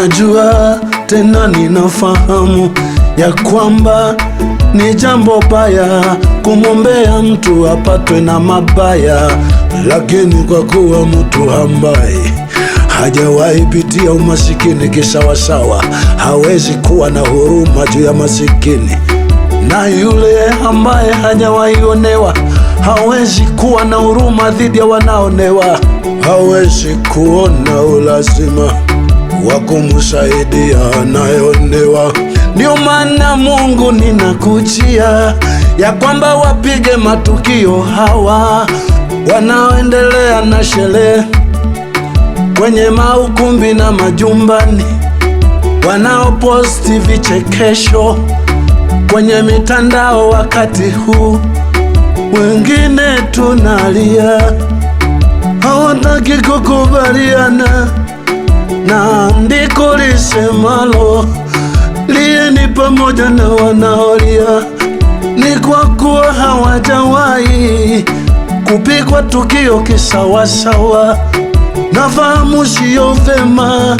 najua tena ninafahamu ya kwamba ni jambo baya kumwombea mtu apatwe na mabaya, lakini kwa kuwa mtu ambaye hajawahi pitia umasikini kisawasawa, hawezi kuwa na huruma juu ya masikini, na yule ambaye hajawahi onewa hawezi kuwa na huruma dhidi ya wanaonewa, hawezi kuona ulazima wako mushahidi anayonewa. Ndio maana Mungu ninakuchia ya kwamba wapige matukio hawa wanaoendelea na sherehe kwenye maukumbi na majumbani, wanaoposti vichekesho kwenye mitandao wakati huu, wengine tunalia, hawataki kukubaliana usemalo liye ni pamoja na wanaolia, ni kwa kuwa hawajawahi kupikwa tukio kisawasawa. Nafahamu siyo vema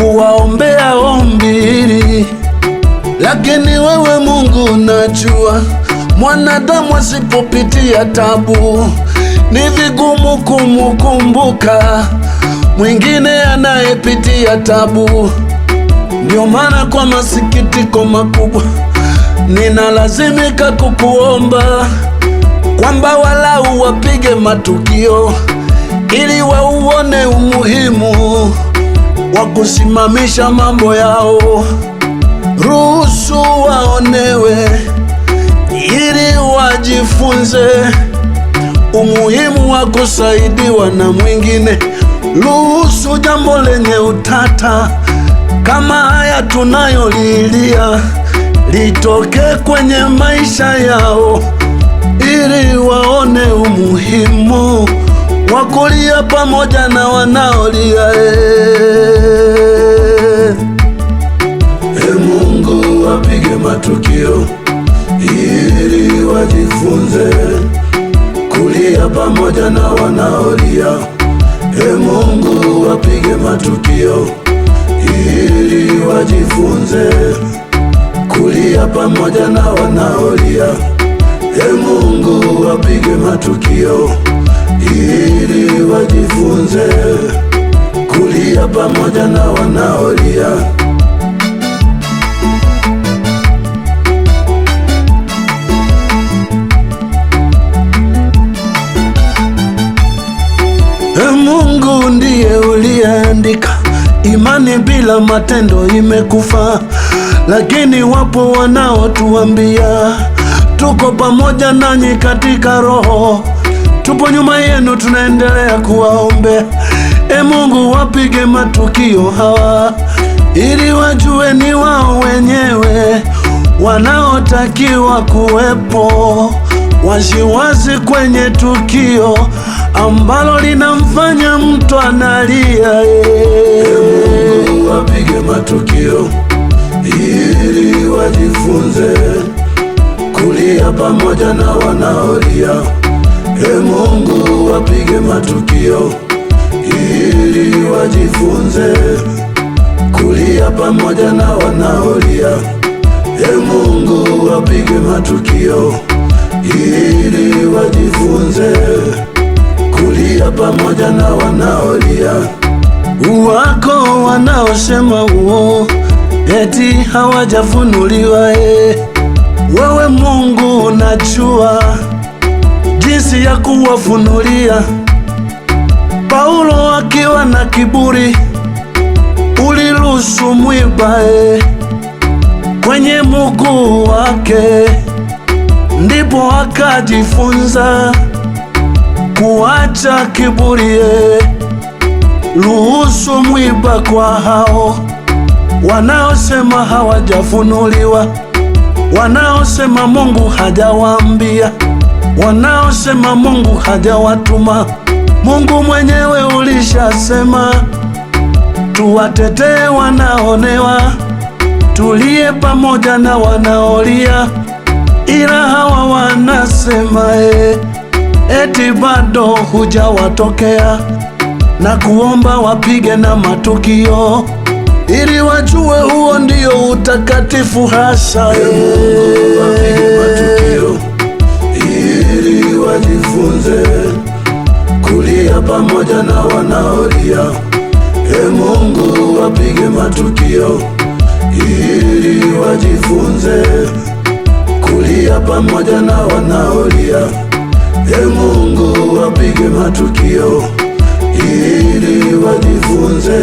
kuwaombea ombili, lakini wewe Mungu najua mwanadamu asipopitia tabu ni vigumu kumukumbuka mwingine anayepitia tabu. Ndio maana kwa masikitiko makubwa ninalazimika kukuomba kwamba walau wapige matukio ili wauone umuhimu wa kusimamisha mambo yao. Ruhusu waonewe ili wajifunze umuhimu wa kusaidiwa na mwingine luhusu jambo lenye utata kama haya tunayolilia litoke kwenye maisha yao, ili waone umuhimu wa kulia pamoja na wanaolia. E Mungu wapige matukio ili wajifunze kulia pamoja na wanaolia. E Mungu, wapige matukio ili wajifunze kulia pamoja na wanaolia. E Mungu, wapige matukio ili wajifunze kulia pamoja na wanaolia. bila matendo imekufa, lakini wapo wanaotuambia tuko pamoja nanyi katika roho, tupo nyuma yenu, tunaendelea kuwaombea. E Mungu, wapige matukio hawa ili wajue ni wao wenyewe wanaotakiwa kuwepo waziwazi kwenye tukio ambalo linamfanya mtu analia. Mungu wapige matukio ili wajifunze kulia pamoja na wanaolia. E Mungu, wapige matukio ili wajifunze kulia pamoja na wanaolia. E Mungu, wapige matukio ili wajifunze kulia pamoja na wanaolia. Wako wanaosema uo eti hawajafunuliwa e. Wewe Mungu unachua jinsi ya kuwafunulia. Paulo akiwa na kiburi uliruhusu mwiba e. kwenye mguu wake, ndipo akajifunza kuacha kiburi e ruhusu mwiba kwa hao wanaosema hawajafunuliwa, wanaosema Mungu hajawaambia, wanaosema Mungu hajawatuma. Mungu mwenyewe ulishasema tuwatetee wanaonewa, tulie pamoja na wanaolia, ila hawa wanasema e, eti bado hujawatokea na kuomba wapige na matukio ili wajue huo ndio utakatifu hasa. Ili wajifunze kulia pamoja na wanaolia. E Mungu, wapige matukio ili wajifunze kulia pamoja na wanaolia. E Mungu, wapige matukio ili wajifunze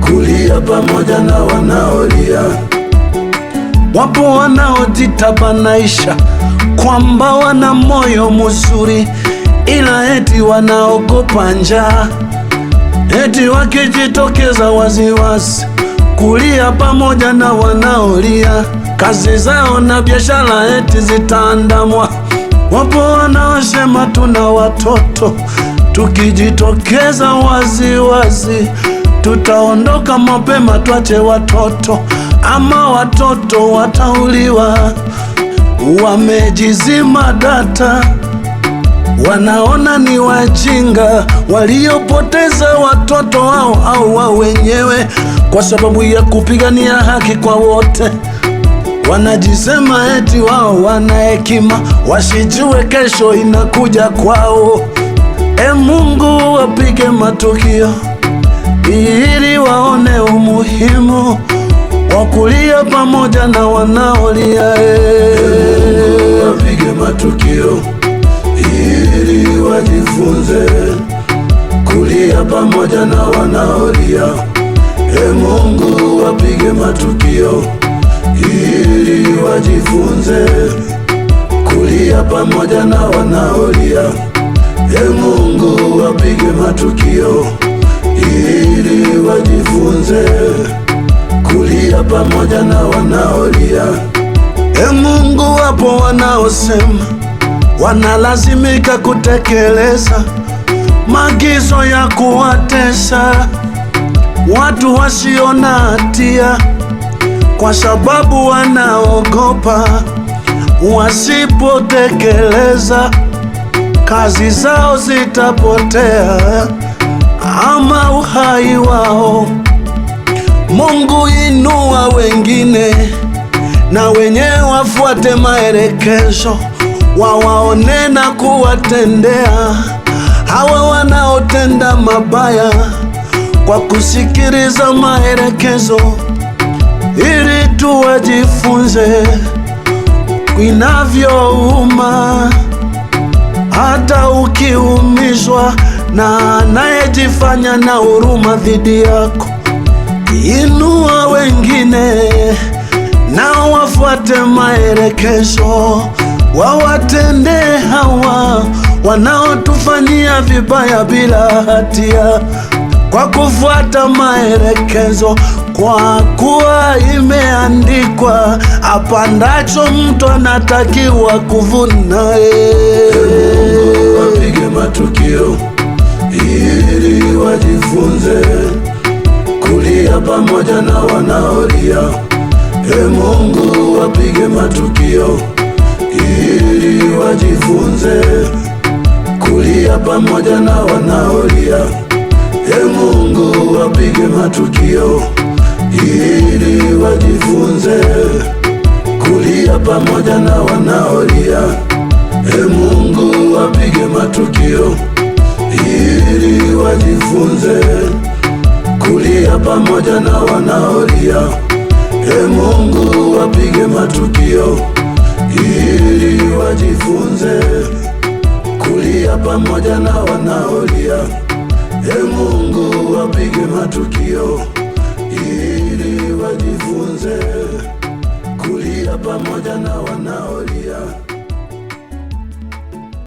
kulia pamoja na wanaolia. Wapo wanaojitabanaisha kwamba wana moyo mzuri, ila eti wanaogopa njaa, eti wakijitokeza waziwazi kulia pamoja na wanaolia, kazi zao na biashara eti zitaandamwa. Wapo wanaosema tuna watoto tukijitokeza waziwazi wazi, tutaondoka mapema, twache watoto ama watoto watauliwa. Wamejizima data, wanaona ni wajinga waliopoteza watoto wao au wao wenyewe, kwa sababu ya kupigania haki kwa wote. Wanajisema eti wao wana hekima, wasijue kesho inakuja kwao. E Mungu, wapige matukio ili waone umuhimu wa kulia pamoja na wanaolia. E Mungu, wapige matukio ili wajifunze kulia pamoja na wanaolia. E Mungu, wapige matukio ili wajifunze kulia pamoja na wanaolia. Ee Mungu, wapige matukio ili wajifunze kulia pamoja na wanaolia. Ee Mungu, wapo wanaosema wanalazimika kutekeleza maagizo ya kuwatesa watu wasio na hatia, kwa sababu wanaogopa wasipotekeleza kazi zao zitapotea ama uhai wao. Mungu, inua wengine na wenyewe wafuate maelekezo, wawaone na kuwatendea hawa wanaotenda mabaya kwa kusikiliza maelekezo, ili tuwajifunze inavyouma ukiumizwa na anayejifanya na huruma dhidi yako, inua wengine na wafuate maelekezo, wawatende hawa wanaotufanyia vibaya bila hatia, kwa kufuata maelekezo, kwa kuwa imeandikwa, apandacho mtu anatakiwa kuvuna matukio ili wajifunze kulia pamoja na wanaolia. E Mungu, wapige matukio ili wajifunze kulia pamoja na wanaolia. E Mungu, wapige matukio ili wajifunze kulia pamoja na wanaolia. moyo ili wajifunze kulia pamoja na wanaolia. E Mungu, wapige matukio ili wajifunze kulia pamoja na wanaolia.